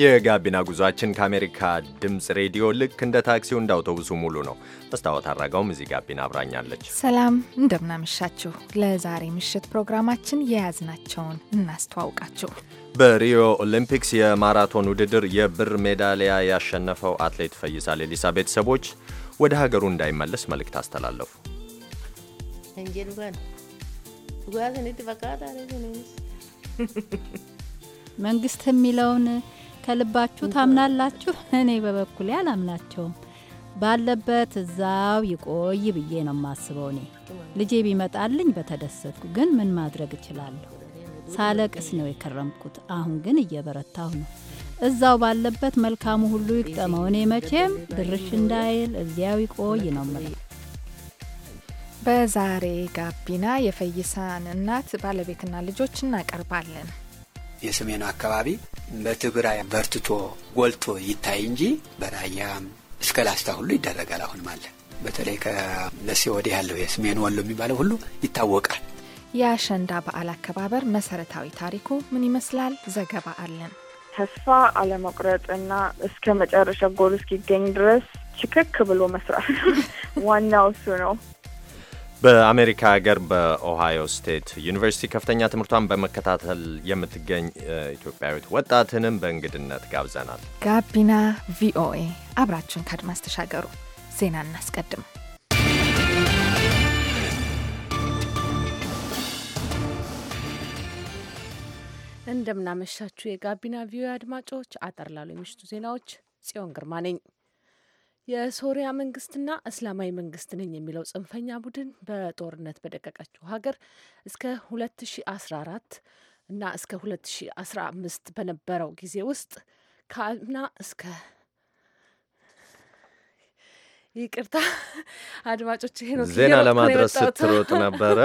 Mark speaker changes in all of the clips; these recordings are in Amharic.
Speaker 1: የጋቢና ጉዟችን ከአሜሪካ ድምፅ ሬዲዮ ልክ እንደ ታክሲው እንደ አውቶቡሱ ሙሉ ነው። መስታወት አድራጋውም እዚህ ጋቢና አብራኛለች።
Speaker 2: ሰላም እንደምናመሻችሁ። ለዛሬ ምሽት ፕሮግራማችን የያዝናቸውን እናስተዋውቃችሁ።
Speaker 1: በሪዮ ኦሊምፒክስ የማራቶን ውድድር የብር ሜዳሊያ ያሸነፈው አትሌት ፈይሳ ሌሊሳ ቤተሰቦች ወደ ሀገሩ እንዳይመለስ መልእክት አስተላለፉ።
Speaker 3: መንግስት የሚለውን ከልባችሁ ታምናላችሁ? እኔ በበኩሌ አላምናቸውም። ባለበት እዛው ይቆይ ብዬ ነው የማስበው። እኔ ልጄ ቢመጣልኝ በተደሰትኩ፣ ግን ምን ማድረግ እችላለሁ? ሳለቅስ ነው የከረምኩት። አሁን ግን እየበረታሁ ነው። እዛው ባለበት መልካሙ ሁሉ ይቅጠመው። እኔ መቼም ድርሽ እንዳይል እዚያው ይቆይ ነው የምልህ። በዛሬ
Speaker 2: ጋቢና የፈይሳን እናት ባለቤትና ልጆች እናቀርባለን።
Speaker 3: የሰሜኑ
Speaker 4: አካባቢ በትግራይ በርትቶ ጎልቶ ይታይ እንጂ በራያም እስከ ላስታ ሁሉ ይደረጋል። አሁንም አለ። በተለይ ከደሴ ወዲህ ያለው የሰሜን ወሎ የሚባለው ሁሉ ይታወቃል።
Speaker 2: የአሸንዳ በዓል አከባበር መሰረታዊ ታሪኩ ምን ይመስላል?
Speaker 5: ዘገባ አለን። ተስፋ አለመቁረጥና እስከ መጨረሻ ጎል እስኪገኝ ድረስ ችክክ ብሎ መስራት ዋናው እሱ ነው።
Speaker 1: በአሜሪካ ሀገር በኦሃዮ ስቴት ዩኒቨርሲቲ ከፍተኛ ትምህርቷን በመከታተል የምትገኝ ኢትዮጵያዊት ወጣትንም በእንግድነት ጋብዘናል።
Speaker 2: ጋቢና ቪኦኤ አብራችን ከአድማስ ተሻገሩ። ዜና እናስቀድም።
Speaker 6: እንደምናመሻችሁ የጋቢና ቪኦኤ አድማጮች፣ አጠር ላሉ የምሽቱ ዜናዎች ጽዮን ግርማ ነኝ። የሶሪያ መንግስትና እስላማዊ መንግስት ነኝ የሚለው ጽንፈኛ ቡድን በጦርነት በደቀቀችው ሀገር እስከ 2014 እና እስከ 2015 በነበረው ጊዜ ውስጥ ከአምና እስከ ይቅርታ አድማጮች፣ ይሄ ነው ዜና ለማድረስ ስትሮጥ
Speaker 1: ነበረ።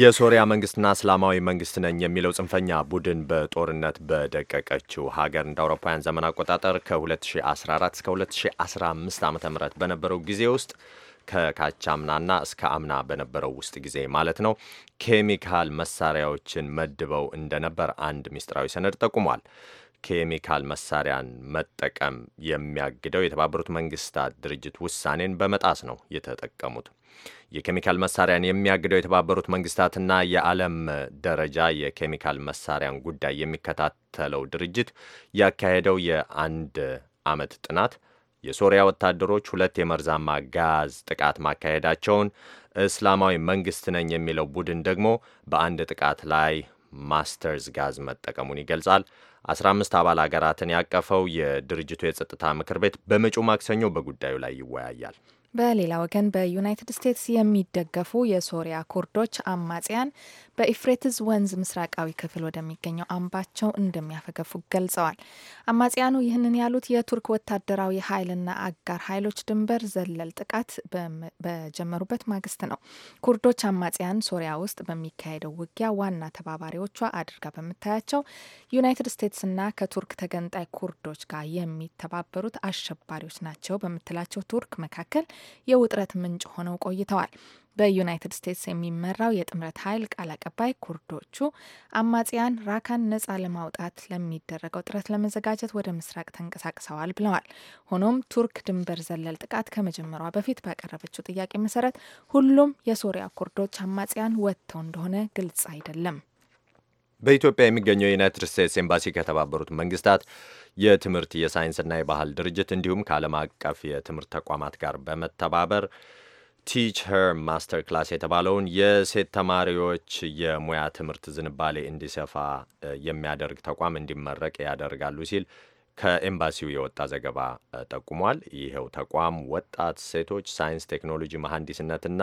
Speaker 1: የሶሪያ መንግስትና እስላማዊ መንግስት ነኝ የሚለው ጽንፈኛ ቡድን በጦርነት በደቀቀችው ሀገር እንደ አውሮፓውያን ዘመን አቆጣጠር ከ2014 እስከ 2015 ዓ ም በነበረው ጊዜ ውስጥ ከካቻምናና እስከ አምና በነበረው ውስጥ ጊዜ ማለት ነው ኬሚካል መሳሪያዎችን መድበው እንደነበር አንድ ምስጢራዊ ሰነድ ጠቁሟል። ኬሚካል መሳሪያን መጠቀም የሚያግደው የተባበሩት መንግስታት ድርጅት ውሳኔን በመጣስ ነው የተጠቀሙት። የኬሚካል መሳሪያን የሚያግደው የተባበሩት መንግስታትና የዓለም ደረጃ የኬሚካል መሳሪያን ጉዳይ የሚከታተለው ድርጅት ያካሄደው የአንድ ዓመት ጥናት የሶሪያ ወታደሮች ሁለት የመርዛማ ጋዝ ጥቃት ማካሄዳቸውን፣ እስላማዊ መንግስት ነኝ የሚለው ቡድን ደግሞ በአንድ ጥቃት ላይ ማስተርስ ጋዝ መጠቀሙን ይገልጻል። 15 አባል አገራትን ያቀፈው የድርጅቱ የጸጥታ ምክር ቤት በመጪው ማክሰኞ በጉዳዩ ላይ ይወያያል።
Speaker 2: በሌላ ወገን በዩናይትድ ስቴትስ የሚደገፉ የሶሪያ ኩርዶች አማጽያን በኢፍሬትዝ ወንዝ ምስራቃዊ ክፍል ወደሚገኘው አምባቸው እንደሚያፈገፉ ገልጸዋል። አማጽያኑ ይህንን ያሉት የቱርክ ወታደራዊ ኃይልና አጋር ኃይሎች ድንበር ዘለል ጥቃት በጀመሩበት ማግስት ነው። ኩርዶች አማጽያን ሶሪያ ውስጥ በሚካሄደው ውጊያ ዋና ተባባሪዎቿ አድርጋ በምታያቸው ዩናይትድ ስቴትስና ከቱርክ ተገንጣይ ኩርዶች ጋር የሚተባበሩት አሸባሪዎች ናቸው በምትላቸው ቱርክ መካከል የውጥረት ምንጭ ሆነው ቆይተዋል። በዩናይትድ ስቴትስ የሚመራው የጥምረት ኃይል ቃል አቀባይ ኩርዶቹ አማጽያን ራካን ነጻ ለማውጣት ለሚደረገው ጥረት ለመዘጋጀት ወደ ምስራቅ ተንቀሳቅሰዋል ብለዋል። ሆኖም ቱርክ ድንበር ዘለል ጥቃት ከመጀመሯ በፊት ባቀረበችው ጥያቄ መሰረት ሁሉም የሶሪያ ኩርዶች አማጽያን ወጥተው እንደሆነ ግልጽ አይደለም።
Speaker 1: በኢትዮጵያ የሚገኘው የዩናይትድ ስቴትስ ኤምባሲ ከተባበሩት መንግስታት የትምህርት የሳይንስና የባህል ድርጅት እንዲሁም ከዓለም አቀፍ የትምህርት ተቋማት ጋር በመተባበር ቲቸር ማስተር ክላስ የተባለውን የሴት ተማሪዎች የሙያ ትምህርት ዝንባሌ እንዲሰፋ የሚያደርግ ተቋም እንዲመረቅ ያደርጋሉ ሲል ከኤምባሲው የወጣ ዘገባ ጠቁሟል። ይኸው ተቋም ወጣት ሴቶች ሳይንስ፣ ቴክኖሎጂ፣ መሐንዲስነትና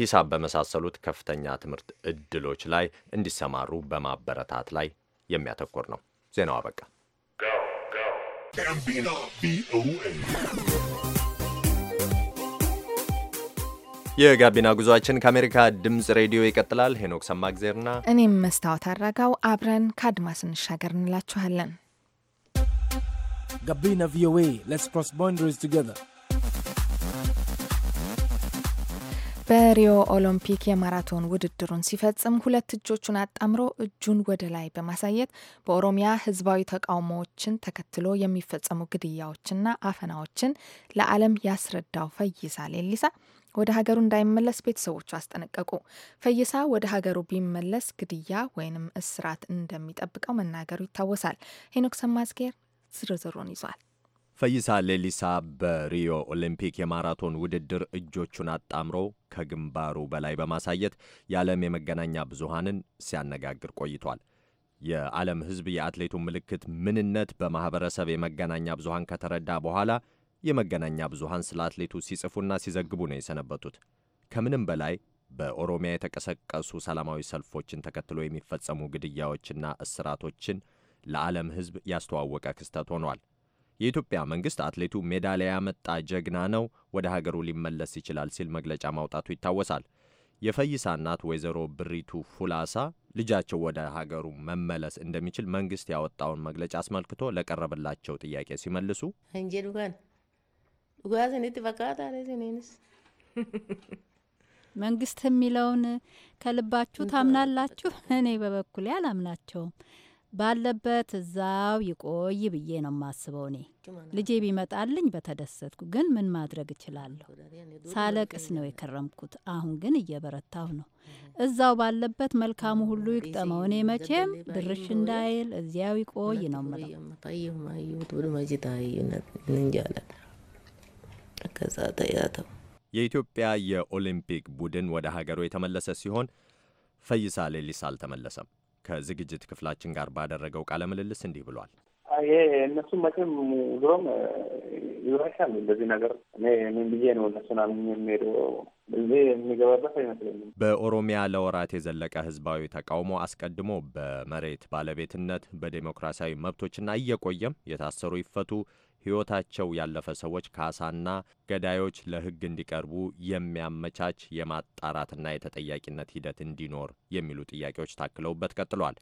Speaker 1: ሂሳብ በመሳሰሉት ከፍተኛ ትምህርት እድሎች ላይ እንዲሰማሩ በማበረታት ላይ የሚያተኩር ነው። ዜናው አበቃ። የጋቢና ጉዟችን ከአሜሪካ ድምፅ ሬዲዮ ይቀጥላል። ሄኖክ ሰማግዜርና
Speaker 2: እኔም መስታወት አረጋው አብረን ከአድማስ እንሻገር እንላችኋለን። ጋቢና ቪኦኤ ሌትስ ክሮስ ቦንደሪስ ቱጌዘር በሪዮ ኦሎምፒክ የማራቶን ውድድሩን ሲፈጽም ሁለት እጆቹን አጣምሮ እጁን ወደ ላይ በማሳየት በኦሮሚያ ሕዝባዊ ተቃውሞዎችን ተከትሎ የሚፈጸሙ ግድያዎችና አፈናዎችን ለዓለም ያስረዳው ፈይሳ ሌሊሳ ወደ ሀገሩ እንዳይመለስ ቤተሰቦቹ አስጠነቀቁ። ፈይሳ ወደ ሀገሩ ቢመለስ ግድያ ወይንም እስራት እንደሚጠብቀው መናገሩ ይታወሳል። ሄኖክ ሰማዝጌር ዝርዝሩን ይዟል።
Speaker 1: ፈይሳ ሌሊሳ በሪዮ ኦሊምፒክ የማራቶን ውድድር እጆቹን አጣምሮ ከግንባሩ በላይ በማሳየት የዓለም የመገናኛ ብዙሃንን ሲያነጋግር ቆይቷል። የዓለም ሕዝብ የአትሌቱ ምልክት ምንነት በማኅበረሰብ የመገናኛ ብዙሃን ከተረዳ በኋላ የመገናኛ ብዙሃን ስለ አትሌቱ ሲጽፉና ሲዘግቡ ነው የሰነበቱት። ከምንም በላይ በኦሮሚያ የተቀሰቀሱ ሰላማዊ ሰልፎችን ተከትሎ የሚፈጸሙ ግድያዎችና እስራቶችን ለዓለም ሕዝብ ያስተዋወቀ ክስተት ሆኗል። የኢትዮጵያ መንግሥት አትሌቱ ሜዳሊያ ያመጣ ጀግና ነው፣ ወደ ሀገሩ ሊመለስ ይችላል ሲል መግለጫ ማውጣቱ ይታወሳል። የፈይሳ እናት ወይዘሮ ብሪቱ ፉላሳ ልጃቸው ወደ ሀገሩ መመለስ እንደሚችል መንግሥት ያወጣውን መግለጫ አስመልክቶ ለቀረበላቸው ጥያቄ ሲመልሱ
Speaker 3: መንግስት የሚለውን ከልባችሁ ታምናላችሁ? እኔ በበኩሌ አላምናቸውም። ባለበት እዛው ይቆይ ብዬ ነው የማስበው። እኔ ልጄ ቢመጣልኝ በተደሰትኩ፣ ግን ምን ማድረግ እችላለሁ? ሳለቅስ ነው የከረምኩት። አሁን ግን እየበረታሁ ነው። እዛው ባለበት መልካሙ ሁሉ ይቅጠመው። እኔ መቼም ድርሽ እንዳይል እዚያው ይቆይ ነው ምለው። ከዛ ተያተው
Speaker 1: የኢትዮጵያ የኦሊምፒክ ቡድን ወደ ሀገሩ የተመለሰ ሲሆን ፈይሳ ሌሊሳ አልተመለሰም። ከዝግጅት ክፍላችን ጋር ባደረገው ቃለ ምልልስ እንዲህ ብሏል።
Speaker 7: ይሄ እነሱም መቼም ድሮም ይበረሻል እንደዚህ ነገር እኔ ምን ብዬ ነው እነሱን አምኜ የሚሄደው እዚህ የሚገባበት አይመስለኝም።
Speaker 1: በኦሮሚያ ለወራት የዘለቀ ህዝባዊ ተቃውሞ አስቀድሞ በመሬት ባለቤትነት በዴሞክራሲያዊ መብቶችና እየቆየም የታሰሩ ይፈቱ ሕይወታቸው ያለፈ ሰዎች ካሳና ገዳዮች ለሕግ እንዲቀርቡ የሚያመቻች የማጣራትና የተጠያቂነት ሂደት እንዲኖር የሚሉ ጥያቄዎች ታክለውበት ቀጥሏል።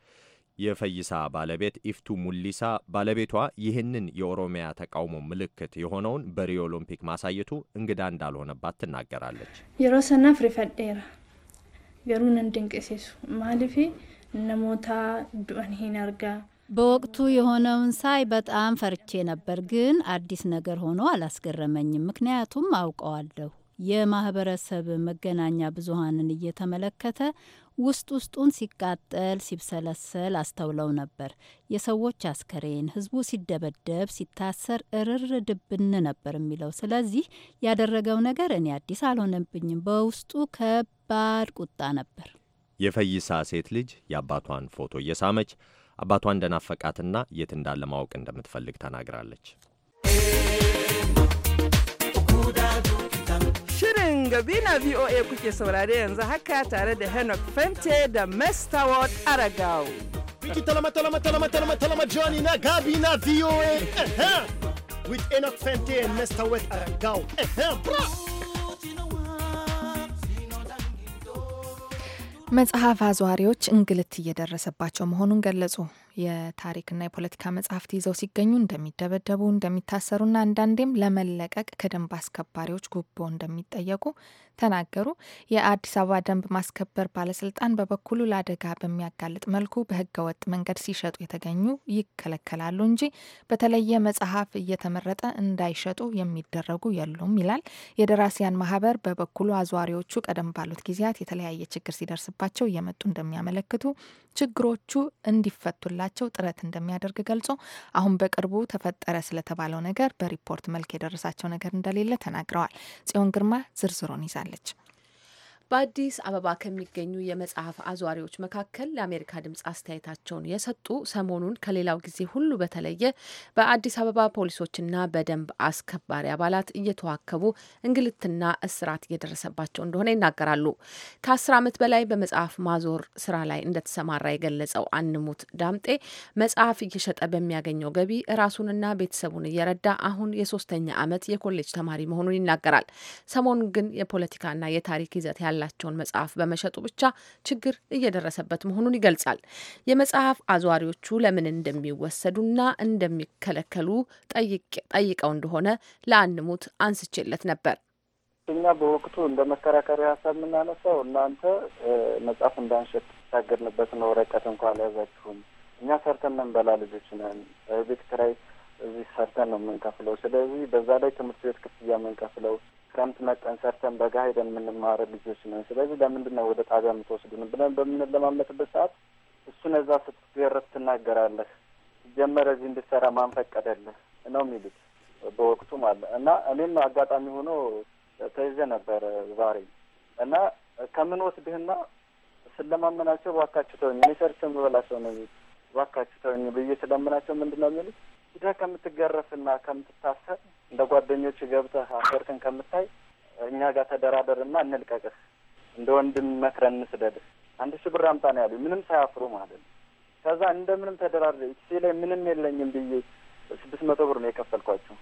Speaker 1: የፈይሳ ባለቤት ኢፍቱ ሙሊሳ ባለቤቷ ይህንን የኦሮሚያ ተቃውሞ ምልክት የሆነውን በሪዮ ኦሎምፒክ ማሳየቱ እንግዳ እንዳልሆነባት ትናገራለች።
Speaker 3: የሮሰና ፍሪፈዴራ ገሩን እንድንቅሴሱ ማልፌ ነሞታ ዱአን ሂን አርጋ በወቅቱ የሆነውን ሳይ በጣም ፈርቼ ነበር፣ ግን አዲስ ነገር ሆኖ አላስገረመኝም። ምክንያቱም አውቀዋለሁ። የማህበረሰብ መገናኛ ብዙሃንን እየተመለከተ ውስጥ ውስጡን ሲቃጠል ሲብሰለሰል አስተውለው ነበር። የሰዎች አስከሬን፣ ህዝቡ ሲደበደብ ሲታሰር፣ እርር ድብን ነበር የሚለው። ስለዚህ ያደረገው ነገር እኔ አዲስ አልሆነብኝም። በውስጡ ከባድ ቁጣ
Speaker 1: ነበር። የፈይሳ ሴት ልጅ የአባቷን ፎቶ እየሳመች አባቷ እንደናፈቃትና የት እንዳለ ማወቅ እንደምትፈልግ ተናግራለች።
Speaker 6: Shirin Gabina VOA kuke saurare yanzu haka tare da
Speaker 7: Henok Fente da Mestaward Aragao. Wiki talama talama talama talama talama Johnny na Gabina VOA.
Speaker 1: With Enoch Fente and Mestaward Aragao. Bra!
Speaker 2: መጽሐፍ አዘዋሪዎች እንግልት እየደረሰባቸው መሆኑን ገለጹ። የታሪክና የፖለቲካ መጽሐፍት ይዘው ሲገኙ እንደሚደበደቡ፣ እንደሚታሰሩና አንዳንዴም ለመለቀቅ ከደንብ አስከባሪዎች ጉቦ እንደሚጠየቁ ተናገሩ። የአዲስ አበባ ደንብ ማስከበር ባለስልጣን በበኩሉ ለአደጋ በሚያጋልጥ መልኩ በህገወጥ መንገድ ሲሸጡ የተገኙ ይከለከላሉ እንጂ በተለየ መጽሐፍ እየተመረጠ እንዳይሸጡ የሚደረጉ የሉም ይላል። የደራሲያን ማህበር በበኩሉ አዟሪዎቹ ቀደም ባሉት ጊዜያት የተለያየ ችግር ሲደርስባቸው እየመጡ እንደሚያመለክቱ ችግሮቹ እንዲፈቱላ እንዲቻላቸው ጥረት እንደሚያደርግ ገልጾ አሁን በቅርቡ ተፈጠረ ስለተባለው ነገር በሪፖርት መልክ የደረሳቸው ነገር እንደሌለ ተናግረዋል። ጽዮን ግርማ ዝርዝሩን ይዛለች።
Speaker 6: በአዲስ አበባ ከሚገኙ የመጽሐፍ አዟሪዎች መካከል ለአሜሪካ ድምጽ አስተያየታቸውን የሰጡ ሰሞኑን ከሌላው ጊዜ ሁሉ በተለየ በአዲስ አበባ ፖሊሶችና በደንብ አስከባሪ አባላት እየተዋከቡ እንግልትና እስራት እየደረሰባቸው እንደሆነ ይናገራሉ። ከአስር ዓመት በላይ በመጽሐፍ ማዞር ስራ ላይ እንደተሰማራ የገለጸው አንሙት ዳምጤ መጽሐፍ እየሸጠ በሚያገኘው ገቢ ራሱንና ቤተሰቡን እየረዳ አሁን የሶስተኛ ዓመት የኮሌጅ ተማሪ መሆኑን ይናገራል። ሰሞኑን ግን የፖለቲካና የታሪክ ይዘት ያለ ያላቸውን መጽሐፍ በመሸጡ ብቻ ችግር እየደረሰበት መሆኑን ይገልጻል። የመጽሐፍ አዟሪዎቹ ለምን እንደሚወሰዱና እንደሚከለከሉ ጠይቀው እንደሆነ ለአንሙት አንስቼለት ነበር።
Speaker 7: እኛ በወቅቱ እንደ መከራከሪያ ሀሳብ የምናነሳው እናንተ መጽሐፍ እንዳንሸጥ ነው። ወረቀት እንኳ አልያዛችሁም። እኛ ሰርተን እንበላ ልጆች ነን። ቤት ክራይ እዚህ ሰርተን ነው የምንከፍለው። ስለዚህ በዛ ላይ ትምህርት ቤት ክፍያ የምንከፍለው ክረምት መጠን ሰርተን በጋ ሄደን የምንማረ ልጆች ነን። ስለዚህ ለምንድን ነው ወደ ጣቢያ የምትወስዱን ብለን በምንለማመጥበት ሰዓት እሱን እዛ ስትገረፍ ትናገራለህ። ጀመረ እዚህ እንድሰራ ማን ፈቀደልህ ነው የሚሉት በወቅቱ አለ እና እኔም አጋጣሚ ሆኖ ተይዤ ነበር ዛሬ እና ከምን ወስድህና ስለማመናቸው እባካችሁ ተወኝ፣ እኔ ሰርቼ የምበላ ሰው ነኝ፣ እባካችሁ ተወኝ ብዬ ስለምናቸው ምንድን ነው የሚሉት ሂደህ ከምትገረፍና ከምትታሰር እንደ ጓደኞች ገብተህ አፈርክን ከምታይ እኛ ጋር ተደራደርና እንልቀቅህ፣ እንደ ወንድም መክረን እንስደድህ። አንድ ሺህ ብር አምጣ ነው ያሉ፣ ምንም ሳያፍሩ ማለት ነው። ከዛ እንደምንም ተደራድሬ ኪሴ ላይ ምንም የለኝም ብዬ ስድስት መቶ ብር ነው የከፈልኳቸው።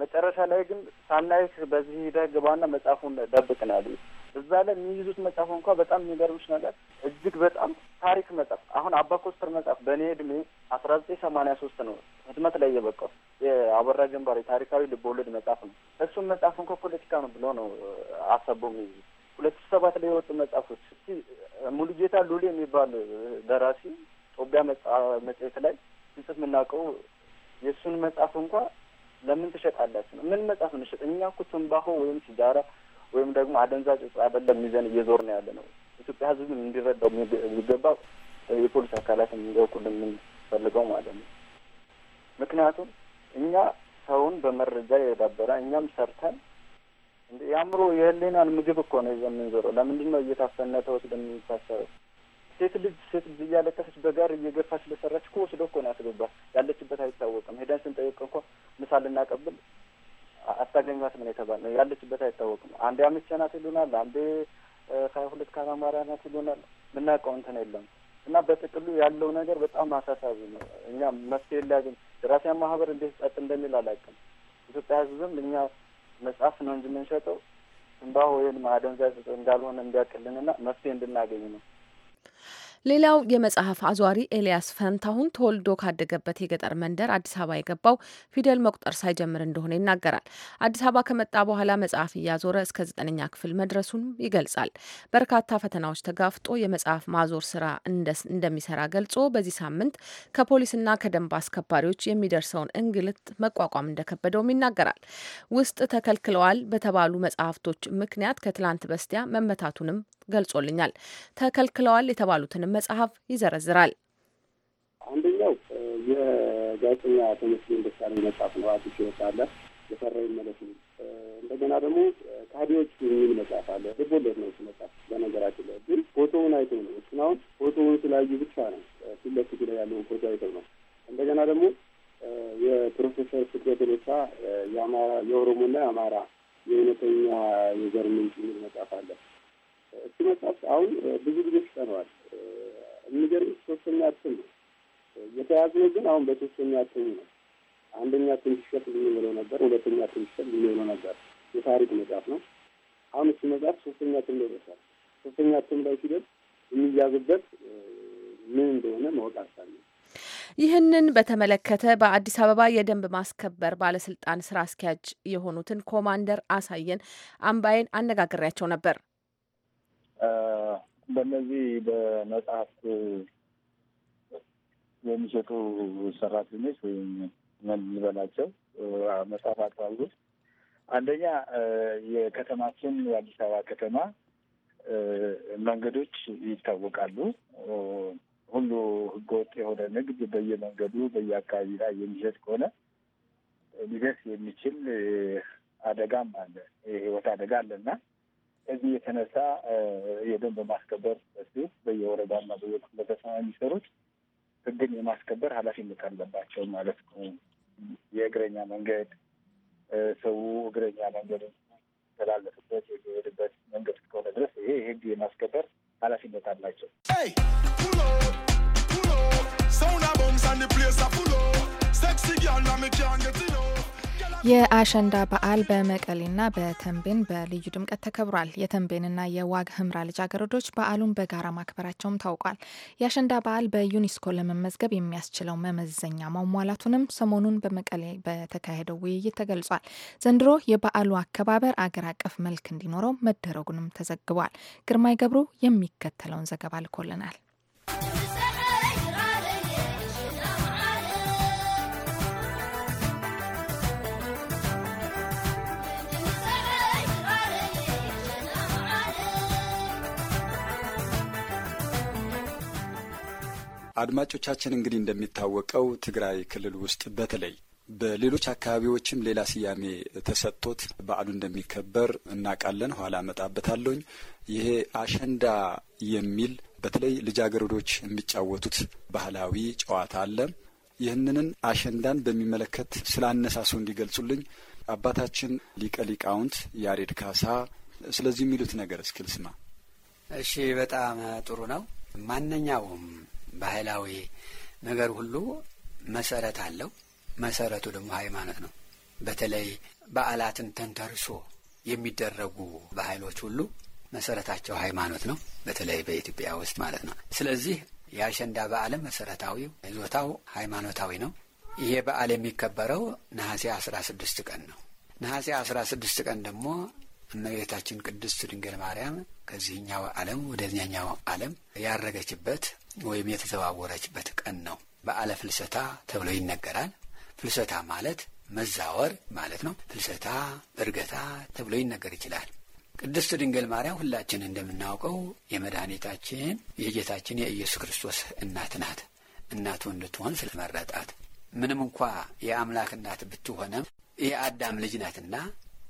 Speaker 7: መጨረሻ ላይ ግን ሳናይክ በዚህ ሂደህ ግባና መጽሐፉን ደብቅ ነው ያሉኝ። እዛ ላይ የሚይዙት መጽሐፍ እንኳ በጣም የሚገርምሽ ነገር እጅግ በጣም ታሪክ መጽሐፍ አሁን አባ ኮስተር መጽሐፍ በእኔ እድሜ አስራ ዘጠኝ ሰማንያ ሶስት ነው ህትመት ላይ እየበቀው የአበራ ጀንባሬ የታሪካዊ ልቦወለድ መጽሐፍ ነው። እሱን መጽሐፍ እንኳ ፖለቲካ ነው ብሎ ነው አሰቡ የሚይዙት። ሁለት ሺህ ሰባት ላይ የወጡ መጽሐፎች እስኪ ሙሉጌታ ሉሌ የሚባል ደራሲ ጦቢያ መጽሔት ላይ ሲጽፍ የምናውቀው የእሱን መጽሐፍ እንኳ ለምን ትሸጣላችሁ? ነው? ምን መጽሐፍ ነው እንሸጥ? እኛ እኮ ትንባሆ ወይም ሲጃራ ወይም ደግሞ አደንዛዥ እጽ አይደለም ይዘን እየዞር ነው ያለ ነው። ኢትዮጵያ ሕዝብ እንዲረዳው የሚገባ የፖሊስ አካላት እንዲያውቁልን የምንፈልገው ማለት ነው። ምክንያቱም እኛ ሰውን በመረጃ የዳበረ እኛም ሰርተን የአእምሮ የህሊናን ምግብ እኮ ነው ይዘን የምንዞረው። ለምንድን ነው እየታፈነ ተወስዶ የምንታሰረው? ሴት ልጅ ሴት ልጅ እያለቀሰች በጋር እየገፋ ስለሰራች እኮ ወስዶ እኮ ነው ያስገባት። ያለችበት አይታወቅም። ሄደን ስንጠይቅ እንኳ ምሳ ልናቀብል አታገኟትም ነው የተባልነው። ያለችበት አይታወቅም። አንዴ አምቼ ይሉናል፣ አንዴ ሀያ ሁለት ካራማራ ናት ይሉናል። ምናውቀው እንትን የለም እና በጥቅሉ ያለው ነገር በጣም አሳሳቢ ነው። እኛ መፍትሄ ሊያገኝ ደራሲያን ማህበር እንዴት ጸጥ እንደሚል አላውቅም። ኢትዮጵያ ሕዝብም እኛ መጽሐፍ ነው እንጂ የምንሸጠው ትንባሆ ወይም አደንዛዥ እንዳልሆነ እንዲያውቅልንና መፍትሄ እንድናገኝ ነው።
Speaker 6: ሌላው የመጽሐፍ አዟሪ ኤልያስ ፈንታሁን ተወልዶ ካደገበት የገጠር መንደር አዲስ አበባ የገባው ፊደል መቁጠር ሳይጀምር እንደሆነ ይናገራል። አዲስ አበባ ከመጣ በኋላ መጽሐፍ እያዞረ እስከ ዘጠነኛ ክፍል መድረሱን ይገልጻል። በርካታ ፈተናዎች ተጋፍጦ የመጽሐፍ ማዞር ስራ እንደሚሰራ ገልጾ በዚህ ሳምንት ከፖሊስና ከደንብ አስከባሪዎች የሚደርሰውን እንግልት መቋቋም እንደከበደውም ይናገራል። ውስጥ ተከልክለዋል በተባሉ መጽሐፍቶች ምክንያት ከትላንት በስቲያ መመታቱንም ገልጾልኛል። ተከልክለዋል የተባሉትንም መጽሐፍ ይዘረዝራል።
Speaker 7: አንደኛው የጋዜጠኛ ተመስገን ደሳለኝ መጽሐፍ ነው። አዲስ ሕይወት አለ የሰራው ይመለሱ። እንደገና ደግሞ ካዲዎች የሚል መጽሐፍ አለ። ልቦለድ ነው መጽሐፍ። በነገራችን ላይ ግን ፎቶውን አይተው ነው እስናሁን ፎቶውን ስላዩ ብቻ ነው ፊት ለፊቱ ላይ ያለውን ፎቶ አይተው ነው። እንደገና ደግሞ የፕሮፌሰር ፍቅረ ገሌታ የአማራ የኦሮሞና የአማራ
Speaker 1: የእውነተኛ የዘር ምንጭ የሚል
Speaker 7: መጽሐፍ አለ። እሱ አሁን ብዙ ጊዜ ተጠሯል። የሚገርምሽ ሶስተኛ እትም ነው የተያዝነው፣ ግን አሁን በሶስተኛ እትም ነው። አንደኛ እትም ሲሸጥልኝ ብለው ነበር፣ ሁለተኛ እትም ሲሸጥልኝ ብለው ነበር። የታሪክ መጽሐፍ ነው። አሁን እሱ መጽሐፍ ሶስተኛ እትም ላይ ደርሷል። ሶስተኛ እትም ላይ ሲደርስ የሚያዝበት ምን እንደሆነ ማወቅ አልቻልንም።
Speaker 6: ይህንን በተመለከተ በአዲስ አበባ የደንብ ማስከበር ባለስልጣን ስራ አስኪያጅ የሆኑትን ኮማንደር አሳየን አምባዬን አነጋግሬያቸው ነበር።
Speaker 7: በእነዚህ በመጽሐፍት የሚሸጡ ሰራተኞች ወይም ምን ልበላቸው አቅራቢ ውስጥ አንደኛ የከተማችን የአዲስ አበባ ከተማ መንገዶች ይታወቃሉ። ሁሉ ህገወጥ የሆነ ንግድ በየመንገዱ በየአካባቢ ላይ የሚሸጥ ከሆነ ሊደርስ የሚችል አደጋም አለ፣ የህይወት አደጋ አለና ከዚህ የተነሳ የደንብ ማስከበር ስት በየወረዳና በየክፍለ ከተማ የሚሰሩት ህግን የማስከበር ኃላፊነት አለባቸው ማለት ነው። የእግረኛ መንገድ ሰው እግረኛ መንገድ ተላለፍበት የሚሄድበት መንገድ እስከሆነ ድረስ ይሄ ህግ የማስከበር ኃላፊነት አላቸው።
Speaker 6: ሰውና ቦምሳን ፕሌሳ ሎ ሴክሲ ጊያና መኪያ አንገት ነው
Speaker 2: የአሸንዳ በዓል በመቀሌና በተንቤን በልዩ ድምቀት ተከብሯል። የተንቤንና የዋግ ህምራ ልጃገረዶች በዓሉን በጋራ ማክበራቸውም ታውቋል። የአሸንዳ በዓል በዩኒስኮ ለመመዝገብ የሚያስችለው መመዘኛ ማሟላቱንም ሰሞኑን በመቀሌ በተካሄደው ውይይት ተገልጿል። ዘንድሮ የበዓሉ አከባበር አገር አቀፍ መልክ እንዲኖረው መደረጉንም ተዘግቧል። ግርማይ ገብሩ የሚከተለውን ዘገባ ልኮልናል።
Speaker 8: አድማጮቻችን እንግዲህ እንደሚታወቀው ትግራይ ክልል ውስጥ በተለይ በሌሎች አካባቢዎችም ሌላ ስያሜ ተሰጥቶት በዓሉ እንደሚከበር እናውቃለን። ኋላ መጣበታለኝ። ይሄ አሸንዳ የሚል በተለይ ልጃገረዶች የሚጫወቱት ባህላዊ ጨዋታ አለ። ይህንንን አሸንዳን በሚመለከት አነሳሱ እንዲገልጹልኝ አባታችን ሊቀ ሊቃውንት ያሬድ ካሳ ስለዚህ የሚሉት ነገር እስኪ
Speaker 4: እሺ፣ በጣም ጥሩ ነው። ማንኛውም ባህላዊ ነገር ሁሉ መሰረት አለው። መሰረቱ ደግሞ ሃይማኖት ነው። በተለይ በዓላትን ተንተርሶ የሚደረጉ ባህሎች ሁሉ መሰረታቸው ሃይማኖት ነው። በተለይ በኢትዮጵያ ውስጥ ማለት ነው። ስለዚህ የአሸንዳ በዓልም መሰረታዊ ይዞታው ሃይማኖታዊ ነው። ይሄ በዓል የሚከበረው ነሐሴ አስራ ስድስት ቀን ነው። ነሐሴ አስራ ስድስት ቀን ደግሞ እመቤታችን ቅድስት ድንግል ማርያም ከዚህኛው ዓለም ወደዚያኛው ዓለም ያረገችበት ወይም የተዘዋወረችበት ቀን ነው። በዓለ ፍልሰታ ተብሎ ይነገራል። ፍልሰታ ማለት መዛወር ማለት ነው። ፍልሰታ፣ እርገታ ተብሎ ይነገር ይችላል። ቅድስት ድንግል ማርያም ሁላችን እንደምናውቀው የመድኃኒታችን የጌታችን የኢየሱስ ክርስቶስ እናት ናት። እናቱ እንድትሆን ስለመረጣት ምንም እንኳ የአምላክ እናት ብትሆንም የአዳም ልጅ ናትና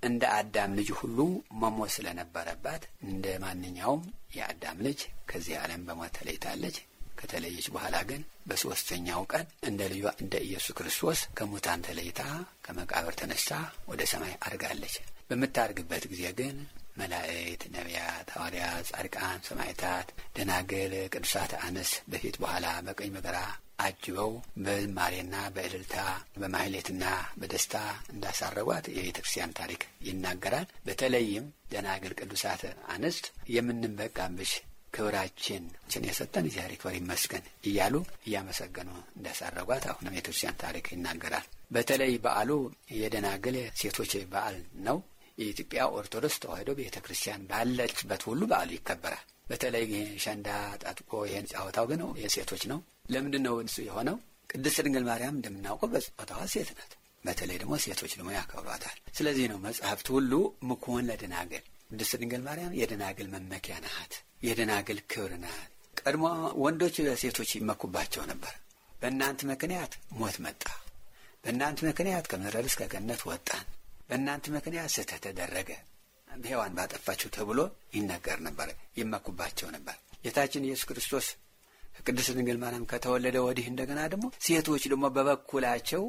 Speaker 4: እንደ አዳም ልጅ ሁሉ መሞት ስለነበረባት እንደ ማንኛውም የአዳም ልጅ ከዚህ ዓለም በሞት ተለይታለች። ከተለየች በኋላ ግን በሦስተኛው ቀን እንደ ልዩ እንደ ኢየሱስ ክርስቶስ ከሙታን ተለይታ ከመቃብር ተነሳ ወደ ሰማይ አድርጋለች። በምታርግበት ጊዜ ግን መላእክት፣ ነቢያት፣ ሐዋርያት፣ ጻድቃን፣ ሰማዕታት፣ ደናግል፣ ቅዱሳት አነስ በፊት በኋላ በቀኝ በግራ አጅበው በዝማሬና በእልልታ በማህሌትና በደስታ እንዳሳረጓት የቤተ ክርስቲያን ታሪክ ይናገራል። በተለይም ደናግል፣ ቅዱሳት አንስት የምንበቃብሽ ክብራችን ችን የሰጠን እግዚአብሔር ይክበር ይመስገን እያሉ እያመሰገኑ እንዳሳረጓት አሁንም ቤተክርስቲያን ታሪክ ይናገራል። በተለይ በዓሉ የደናግል ሴቶች በዓል ነው። የኢትዮጵያ ኦርቶዶክስ ተዋሕዶ ቤተ ክርስቲያን ባለችበት ሁሉ በዓሉ ይከበራል። በተለይ ሸንዳ ጣጥቆ ይህን ጫወታው ግን የሴቶች ነው። ለምንድን ነው እሱ የሆነው? ቅድስት ድንግል ማርያም እንደምናውቀው በጾታዋ ሴት ናት። በተለይ ደግሞ ሴቶች ደግሞ ያከብሯታል። ስለዚህ ነው መጽሐፍት ሁሉ ምኩን ለደናግል ቅድስት ድንግል ማርያም የደናግል መመኪያ ናት የደናግል ክብር ናት። ቀድሞ ወንዶች ሴቶች ይመኩባቸው ነበር። በእናንት ምክንያት ሞት መጣ። በእናንት ምክንያት ከምድረ እስከ ገነት ወጣን። በእናንት ምክንያት ስህተት ተደረገ፣ ሔዋን ባጠፋችሁ ተብሎ ይነገር ነበር፣ ይመኩባቸው ነበር። ጌታችን ኢየሱስ ክርስቶስ ከቅድስት ድንግል ማርያም ከተወለደ ወዲህ እንደገና ደግሞ ሴቶች ደግሞ በበኩላቸው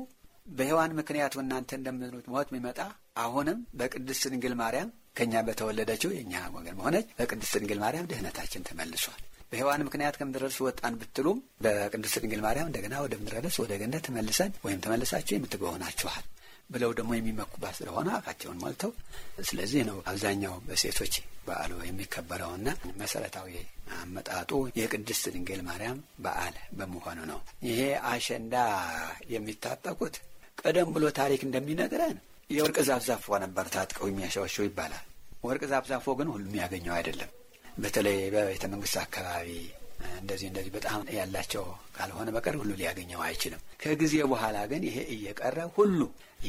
Speaker 4: በሔዋን ምክንያቱ እናንተ እንደምትሉት ሞት የሚመጣ አሁንም በቅድስት ድንግል ማርያም ከእኛ በተወለደችው የእኛ ወገን በሆነች በቅድስት ድንግል ማርያም ድህነታችን ተመልሷል። በሔዋን ምክንያት ከምድረሱ ወጣን ብትሉም በቅድስት ድንግል ማርያም እንደገና ወደ ምድረደስ ወደ ገነት ተመልሰን ወይም ተመልሳችሁ የምትገቡ ብለው ደግሞ የሚመኩባት ስለሆነ አፋቸውን ሞልተው ስለዚህ ነው አብዛኛው በሴቶች በዓሉ የሚከበረውና መሰረታዊ አመጣጡ የቅድስት ድንግል ማርያም በዓል በመሆኑ ነው። ይሄ አሸንዳ የሚታጠቁት ቀደም ብሎ ታሪክ እንደሚነግረን የወርቅ ዛፍዛፎ ነበር ታጥቀው የሚያሸዋሸው ይባላል። ወርቅ ዛፍዛፎ ግን ሁሉም ያገኘው አይደለም። በተለይ በቤተ መንግስት አካባቢ እንደዚህ እንደዚህ በጣም ያላቸው ካልሆነ በቀር ሁሉ ሊያገኘው አይችልም። ከጊዜ በኋላ ግን ይሄ እየቀረ ሁሉ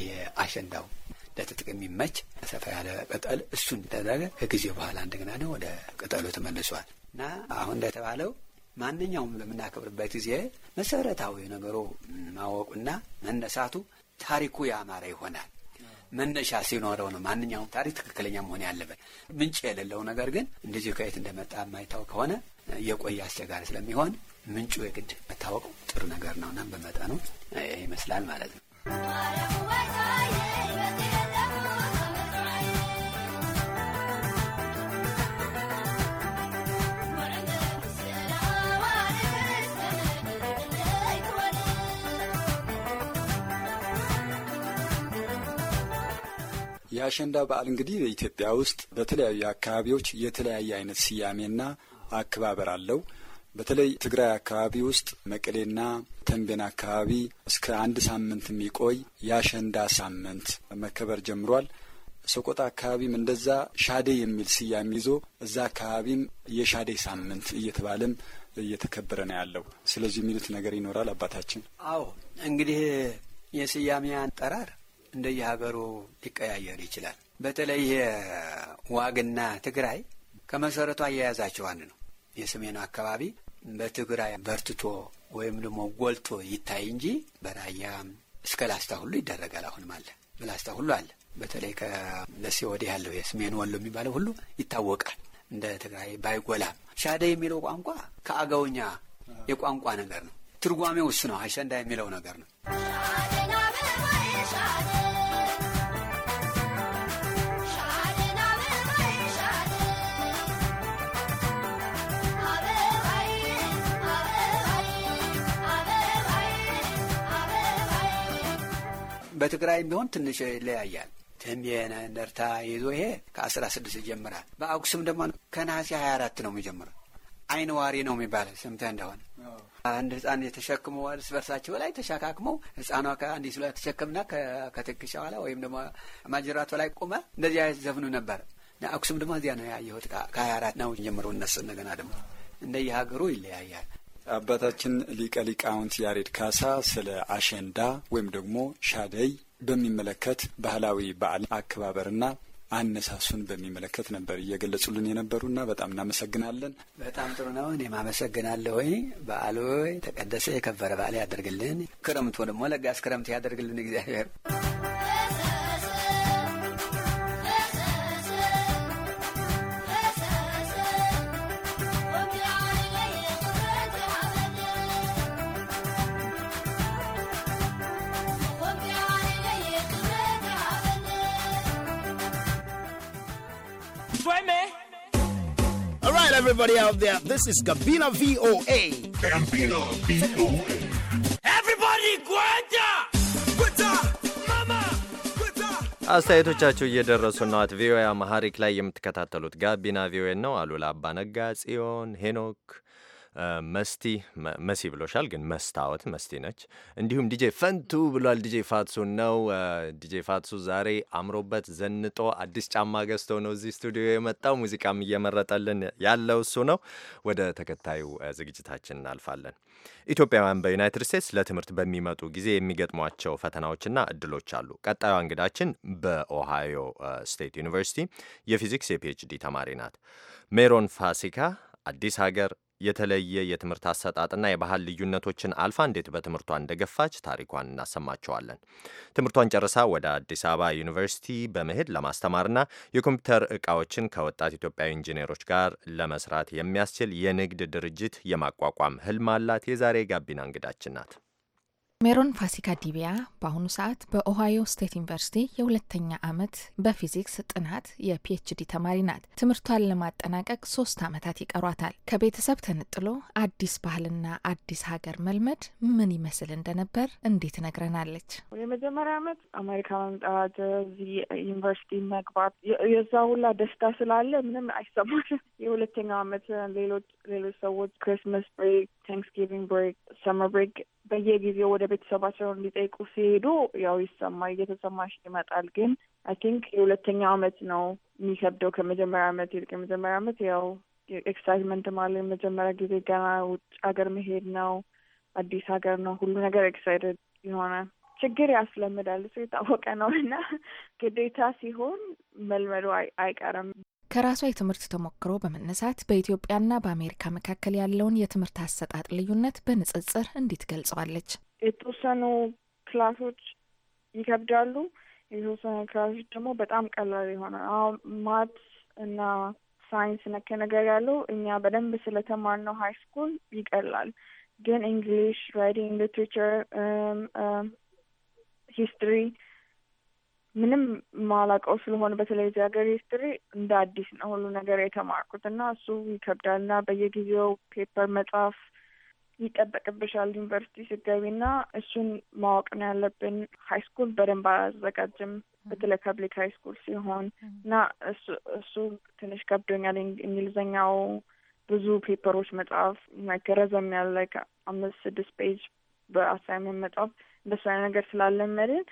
Speaker 4: የአሸንዳው ለትጥቅ የሚመች ሰፋ ያለ ቅጠል እሱን ተደረገ። ከጊዜ በኋላ እንደገና ነው ወደ ቅጠሉ ተመልሷል እና አሁን እንደተባለው ማንኛውም በምናከብርበት ጊዜ መሰረታዊ ነገሩ ማወቁና መነሳቱ ታሪኩ ያማረ ይሆናል። መነሻ ሲኖረው ነው ማንኛውም ታሪክ ትክክለኛ መሆን ያለበት። ምንጭ የሌለው ነገር ግን እንደዚሁ ከየት እንደመጣ የማይታወቅ ከሆነ የቆየ አስቸጋሪ ስለሚሆን ምንጩ የግድ መታወቁ ጥሩ ነገር ነውና በመጠኑ ይመስላል ማለት ነው።
Speaker 8: የአሸንዳ በዓል እንግዲህ በኢትዮጵያ ውስጥ በተለያዩ አካባቢዎች የተለያየ አይነት ስያሜና አከባበር አለው። በተለይ ትግራይ አካባቢ ውስጥ መቀሌና ተንቤን አካባቢ እስከ አንድ ሳምንት የሚቆይ የአሸንዳ ሳምንት መከበር ጀምሯል። ሰቆጣ አካባቢም እንደዛ ሻዴ የሚል ስያሜ ይዞ እዛ አካባቢም የሻዴ ሳምንት እየተባለም እየተከበረ ነው ያለው። ስለዚህ የሚሉት ነገር ይኖራል አባታችን።
Speaker 4: አዎ እንግዲህ የስያሜ አጠራር እንደየሀገሩ ሊቀያየር ይችላል። በተለይ ዋግና ትግራይ ከመሰረቱ አያያዛቸው አንድ ነው። የሰሜኑ አካባቢ በትግራይ በርትቶ ወይም ደግሞ ጎልቶ ይታይ እንጂ በራያም እስከ ላስታ ሁሉ ይደረጋል። አሁንም አለ፣ በላስታ ሁሉ አለ። በተለይ ከደሴ ወዲህ ያለው የሰሜን ወሎ የሚባለው ሁሉ ይታወቃል። እንደ ትግራይ ባይጎላም ሻደ የሚለው ቋንቋ ከአገውኛ የቋንቋ ነገር ነው። ትርጓሜ ውስ ነው። አሸንዳ የሚለው ነገር ነው። በትግራይም ቢሆን ትንሽ ይለያያል። ትምየነ እንደርታ ይዞ ይሄ ከአስራ ስድስት ይጀምራል። በአክሱም ደግሞ ከነሐሴ ሀያ አራት ነው የሚጀምረው። አይን ዋሪ ነው የሚባለ ስምተ እንደሆነ አንድ ህፃን የተሸክመው እርስ በርሳቸው ላይ ተሻካክመው ህፃኗ ከአንዲ ስሎ ተሸክምና ከትከሻ ኋላ ወይም ደግሞ ማጅራቷ ላይ ቆመ እንደዚያ ዘፍኑ ነበር። አክሱም ደግሞ እዚያ ነው ያየሁት። ከሀያ አራት ነው ጀምሮ እነሱ እንደገና ደግሞ እንደየሀገሩ ይለያያል። አባታችን ሊቀ ሊቃውንት ያሬድ ካሳ ስለ አሸንዳ
Speaker 8: ወይም ደግሞ ሻደይ በሚመለከት ባህላዊ በዓል አከባበርና አነሳሱን በሚመለከት ነበር እየገለጹልን የነበሩና በጣም እናመሰግናለን።
Speaker 4: በጣም ጥሩ ነው። እኔም አመሰግናለሁ። በዓሉ የተቀደሰ የከበረ በዓል ያደርግልን። ክረምቱ ደግሞ ለጋስ ክረምት ያደርግልን እግዚአብሔር
Speaker 2: everybody out there. This is Gabina VOA. Gabina VOA. Everybody, Guanta!
Speaker 1: አስተያየቶቻችሁ እየደረሱ ነው። አት ቪኦኤ አማሃሪክ ላይ የምትከታተሉት ጋቢና ቪኦኤ ነው። አሉላ አባነጋ፣ ጽዮን ሄኖክ መስቲ መሲ ብሎሻል፣ ግን መስታወት መስቲ ነች። እንዲሁም ዲጄ ፈንቱ ብሏል። ዲጄ ፋትሱ ነው። ዲጄ ፋትሱ ዛሬ አምሮበት ዘንጦ አዲስ ጫማ ገዝቶ ነው እዚህ ስቱዲዮ የመጣው። ሙዚቃም እየመረጠልን ያለው እሱ ነው። ወደ ተከታዩ ዝግጅታችን እናልፋለን። ኢትዮጵያውያን በዩናይትድ ስቴትስ ለትምህርት በሚመጡ ጊዜ የሚገጥሟቸው ፈተናዎችና እድሎች አሉ። ቀጣዩ እንግዳችን በኦሃዮ ስቴት ዩኒቨርሲቲ የፊዚክስ የፒኤችዲ ተማሪ ናት። ሜሮን ፋሲካ አዲስ ሀገር የተለየ የትምህርት አሰጣጥና የባህል ልዩነቶችን አልፋ እንዴት በትምህርቷ እንደገፋች ታሪኳን እናሰማቸዋለን። ትምህርቷን ጨርሳ ወደ አዲስ አበባ ዩኒቨርሲቲ በመሄድ ለማስተማርና የኮምፒውተር እቃዎችን ከወጣት ኢትዮጵያዊ ኢንጂነሮች ጋር ለመስራት የሚያስችል የንግድ ድርጅት የማቋቋም ህልም አላት። የዛሬ ጋቢና እንግዳችን ናት።
Speaker 2: ሜሮን ፋሲካ ዲቢያ በአሁኑ ሰዓት በኦሃዮ ስቴት ዩኒቨርሲቲ የሁለተኛ ዓመት በፊዚክስ ጥናት የፒኤችዲ ተማሪ ናት። ትምህርቷን ለማጠናቀቅ ሶስት ዓመታት ይቀሯታል። ከቤተሰብ ተነጥሎ አዲስ ባህልና አዲስ ሀገር መልመድ ምን ይመስል እንደነበር እንዴት ነግረናለች።
Speaker 5: የመጀመሪያ ዓመት አሜሪካ መምጣት፣ እዚህ ዩኒቨርሲቲ መግባት የዛ ሁላ ደስታ ስላለ ምንም አይሰማል። የሁለተኛው ዓመት ሌሎች ሌሎች ሰዎች ክሪስማስ ብሬክ፣ ታንክስጊቪንግ ብሬክ፣ ሰመር ብሬክ በየጊዜው ወደ ቤተሰባቸው እንዲጠይቁ ሲሄዱ ያው ይሰማ እየተሰማሽ ይመጣል። ግን አይ ቲንክ የሁለተኛው አመት ነው የሚከብደው ከመጀመሪያ አመት ይልቅ የመጀመሪያ አመት ያው ኤክሳይትመንት ማለ የመጀመሪያ ጊዜ ገና ውጭ ሀገር መሄድ ነው፣ አዲስ ሀገር ነው፣ ሁሉ ነገር ኤክሳይትድ የሆነ ችግር ያስለምዳል። እሱ የታወቀ ነው እና ግዴታ ሲሆን መልመዱ አይቀርም።
Speaker 2: ከራሷ የትምህርት ተሞክሮ በመነሳት በኢትዮጵያና በአሜሪካ መካከል ያለውን የትምህርት አሰጣጥ ልዩነት በንጽጽር እንዲት ገልጸዋለች?
Speaker 5: የተወሰኑ ክላሶች ይከብዳሉ፣ የተወሰኑ ክላሶች ደግሞ በጣም ቀላል የሆነ አሁን ማት እና ሳይንስ ነክ ነገር ያለው እኛ በደንብ ስለተማርነው ሀይ ስኩል ይቀላል፣ ግን እንግሊሽ፣ ራይዲንግ፣ ሊትሬቸር፣ ሂስትሪ ምንም ማላቀው ስለሆነ በተለይ እዚህ ሀገር ሂስትሪ እንደ አዲስ ነው ሁሉ ነገር የተማርኩት እና እሱ ይከብዳል እና በየጊዜው ፔፐር መጻፍ ይጠበቅብሻል ዩኒቨርሲቲ ስገቢ እና እሱን ማወቅ ነው ያለብን። ሀይ ስኩል በደንብ አያዘጋጅም በተለይ ፐብሊክ ሀይ ስኩል ሲሆን እና እሱ ትንሽ ከብዶኛል። እንግሊዝኛው ብዙ ፔፐሮች መጻፍ ረዘም ያለ አምስት ስድስት ፔጅ በአሳይመንት መጻፍ እንደሱ ነገር ስላለመድን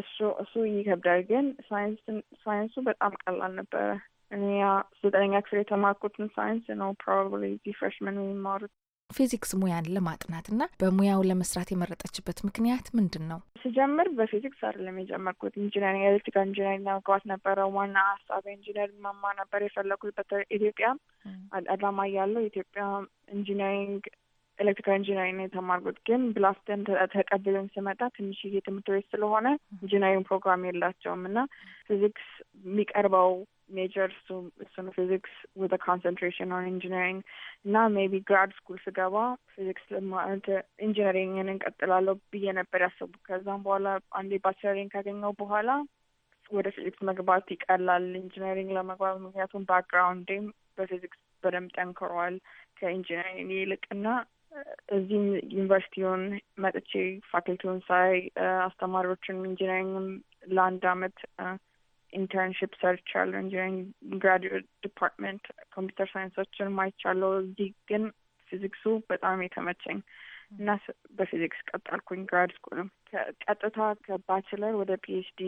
Speaker 5: እሱ እሱ ይከብዳል። ግን ሳይንስን ሳይንሱ በጣም ቀላል ነበረ። እኔ ያ ዘጠነኛ ክፍል የተማርኩትን ሳይንስ ነው ፕሮባብሊ እዚህ ፍሬሽመን የሚማሩት።
Speaker 2: ፊዚክስ ሙያን ለማጥናት ለማጥናትና በሙያው ለመስራት የመረጠችበት ምክንያት ምንድን ነው?
Speaker 5: ስጀምር በፊዚክስ አይደለም የጀመርኩት። ኢንጂነሪንግ ኤሌክትሪካል ኢንጂነሪንግ ለመግባት ነበረ ዋና ሀሳብ። ኢንጂነር መማ ነበር የፈለኩት። ኢትዮጵያ አዳማ ያለው ኢትዮጵያ ኢንጂነሪንግ ኤሌክትሪካል ኢንጂነሪንግ የተማርኩት ግን ብላስተን ተቀብለን ስመጣ ትንሽዬ ትምህርት ቤት ስለሆነ ኢንጂነሪንግ ፕሮግራም የላቸውም እና ፊዚክስ የሚቀርበው ሜጀር እሱ እሱ ነው ፊዚክስ ወደ ኮንሰንትሬሽን ኦን ኢንጂነሪንግ እና ሜቢ ግራድ ስኩል ስገባ ፊዚክስ ኢንጂነሪንግን እንቀጥላለሁ ብዬ ነበር ያሰቡ። ከዛም በኋላ አንዴ ባችለሪንግ ካገኘው በኋላ ወደ ፊዚክስ መግባት ይቀላል ኢንጂነሪንግ ለመግባት ምክንያቱም ባክግራውንዴም በፊዚክስ በደንብ ጠንክሯል ከኢንጂነሪንግ ይልቅ እና እዚህም ዩኒቨርሲቲውን መጥቼ ፋክልቲውን ሳይ አስተማሪዎችን ኢንጂነሪንግም ለአንድ አመት ኢንተርንሽፕ ሰርቻለሁ። ኢንጂነሪንግ ግራጁዌት ዲፓርትመንት ኮምፒውተር ሳይንሶችን ማይቻለሁ። እዚህ ግን ፊዚክሱ በጣም የተመቸኝ እና በፊዚክስ ቀጠልኩኝ ግራድ ስኩልም ቀጥታ ከባችለር ወደ ፒኤችዲ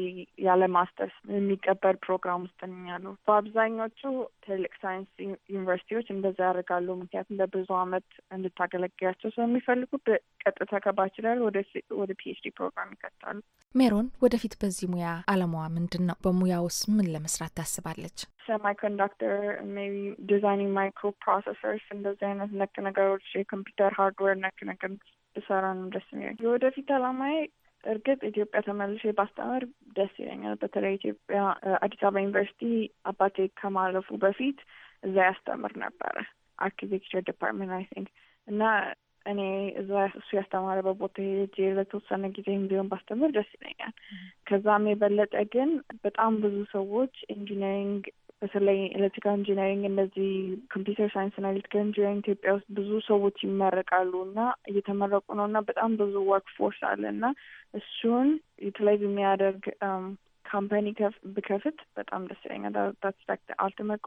Speaker 5: ያለ ማስተርስ የሚቀበል ፕሮግራም ውስጥ ያሉ በአብዛኞቹ ትልቅ ሳይንስ ዩኒቨርሲቲዎች እንደዛ ያደርጋሉ። ምክንያቱም ለብዙ ዓመት እንድታገለግያቸው ስለሚፈልጉ ቀጥታ ከባችለር ወደ ፒኤችዲ ፕሮግራም ይከታሉ።
Speaker 2: ሜሮን ወደፊት በዚህ ሙያ አለማዋ ምንድን ነው? በሙያ ውስጥ ምን ለመስራት ታስባለች?
Speaker 5: ሰማይ ኮንዳክተር ሜቢ ዲዛይኒንግ ማይክሮ ፕሮሰሰርስ እንደዚህ አይነት ነክ ነገሮች የኮምፒውተር ሃርድዌር ነክ ነገሮች ብሰራ ነው ደስ የሚለኝ። የወደፊት አላማዬ እርግጥ ኢትዮጵያ ተመልሼ ባስተምር ደስ ይለኛል። በተለይ ኢትዮጵያ አዲስ አበባ ዩኒቨርሲቲ አባቴ ከማለፉ በፊት እዛ ያስተምር ነበረ አርኪቴክቸር ዲፓርትመንት አይ ቲንክ እና እኔ እዛ እሱ ያስተማረ በቦታ ሄጄ ለተወሰነ ጊዜ ቢሆን ባስተምር ደስ ይለኛል። ከዛም የበለጠ ግን በጣም ብዙ ሰዎች ኢንጂነሪንግ በተለይ ኤሌክትሪካል ኢንጂነሪንግ እንደዚህ ኮምፒውተር ሳይንስ ና ኤሌክትሪካል ኢንጂነሪንግ ኢትዮጵያ ውስጥ ብዙ ሰዎች ይመረቃሉ እና እየተመረቁ ነው እና በጣም ብዙ ወርክ ፎርስ አለ እና እሱን ዩቲላይዝ የሚያደርግ ካምፓኒ um, ብከፍት በጣም ደስ ይለኛል። ዳትስ ላይክ አልቲሜት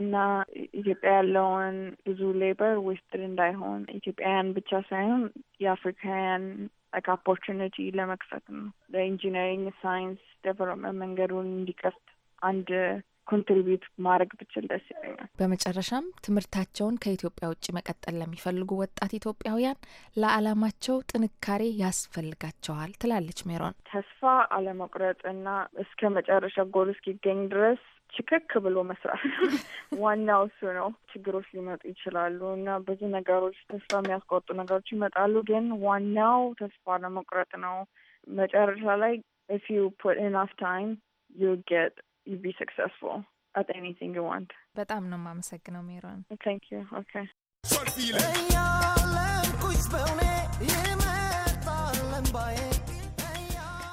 Speaker 5: እና ኢትዮጵያ ያለውን ብዙ ሌበር ዌስትድ እንዳይሆን ኢትዮጵያውያን ብቻ ሳይሆን የአፍሪካውያን ላይክ ኦፖርቹኒቲ ለመክፈት ነው ለኢንጂነሪንግ ሳይንስ ዴቨሎፕመንት መንገዱን እንዲከፍት አንድ ኮንትሪቢዩት ማድረግ ብችል ደስ ይለኛል።
Speaker 2: በመጨረሻም ትምህርታቸውን ከኢትዮጵያ ውጭ መቀጠል ለሚፈልጉ ወጣት ኢትዮጵያውያን ለዓላማቸው ጥንካሬ ያስፈልጋቸዋል ትላለች ሜሮን።
Speaker 5: ተስፋ አለመቁረጥ እና እስከ መጨረሻ ጎል እስኪገኝ ድረስ ችክክ ብሎ መስራት ዋናው እሱ ነው። ችግሮች ሊመጡ ይችላሉ እና ብዙ ነገሮች ተስፋ የሚያስቆርጡ ነገሮች ይመጣሉ። ግን ዋናው ተስፋ አለመቁረጥ ነው። መጨረሻ ላይ ኢፍ ዩ ፑት ኢናፍ ታይም ዩ ጌት you'd be successful at anything you want. But I'm no
Speaker 2: mom second Miron. Thank you. Okay.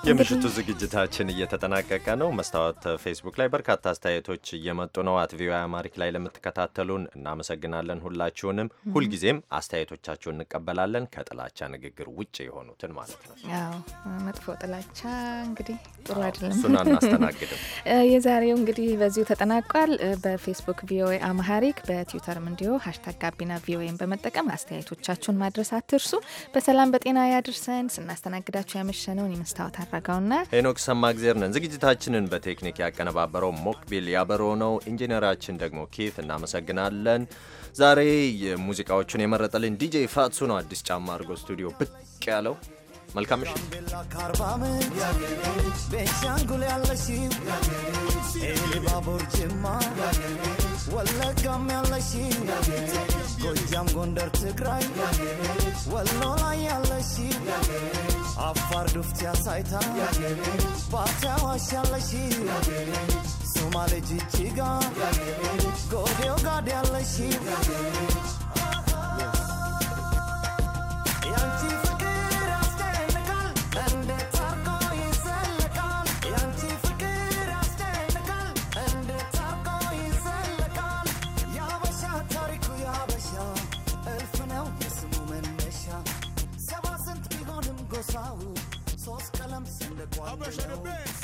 Speaker 5: የምሽቱ
Speaker 1: ዝግጅታችን እየተጠናቀቀ ነው። መስታወት ፌስቡክ ላይ በርካታ አስተያየቶች እየመጡ ነው። አት ቪኦኤ አማሪክ ላይ ለምትከታተሉን እናመሰግናለን ሁላችሁንም። ሁልጊዜም አስተያየቶቻችሁን እንቀበላለን፣ ከጥላቻ ንግግር ውጭ የሆኑትን ማለት
Speaker 2: ነው። መጥፎ ጥላቻ እንግዲህ ጥሩ አይደለም፣ እሱን አናስተናግድም። የዛሬው እንግዲህ በዚሁ ተጠናቋል። በፌስቡክ ቪኦኤ አማሪክ፣ በትዊተርም እንዲሁ ሀሽታግ ጋቢና ቪኦኤን በመጠቀም አስተያየቶቻችሁን ማድረስ አትርሱ። በሰላም በጤና ያድርሰን። ስናስተናግዳችሁ ያመሸነውን የመስታወት አስረጋውና
Speaker 1: ሄኖክ ሰማግዜር ነን። ዝግጅታችንን በቴክኒክ ያቀነባበረው ሞክቢል ያበሮ ነው። ኢንጂነራችን ደግሞ ኬት እናመሰግናለን። ዛሬ ሙዚቃዎቹን የመረጠልን ዲጄ ፋትሱ ነው። አዲስ ጫማ አድርጎ ስቱዲዮ ብቅ ያለው መልካም ምሽት። ቤንሻንጉል ያለሽው ጅማ፣ ወለጋም ጎጃም፣ ጎንደር፣ ትግራይ፣ ወሎ ላይ ያለሽው አፋር ዱፍት ያሳይታ ባታ ዋሻለሽ ሶማሌ ጅጅጋ ጎዴው ጋድ ያለሽ
Speaker 5: one I am on the best.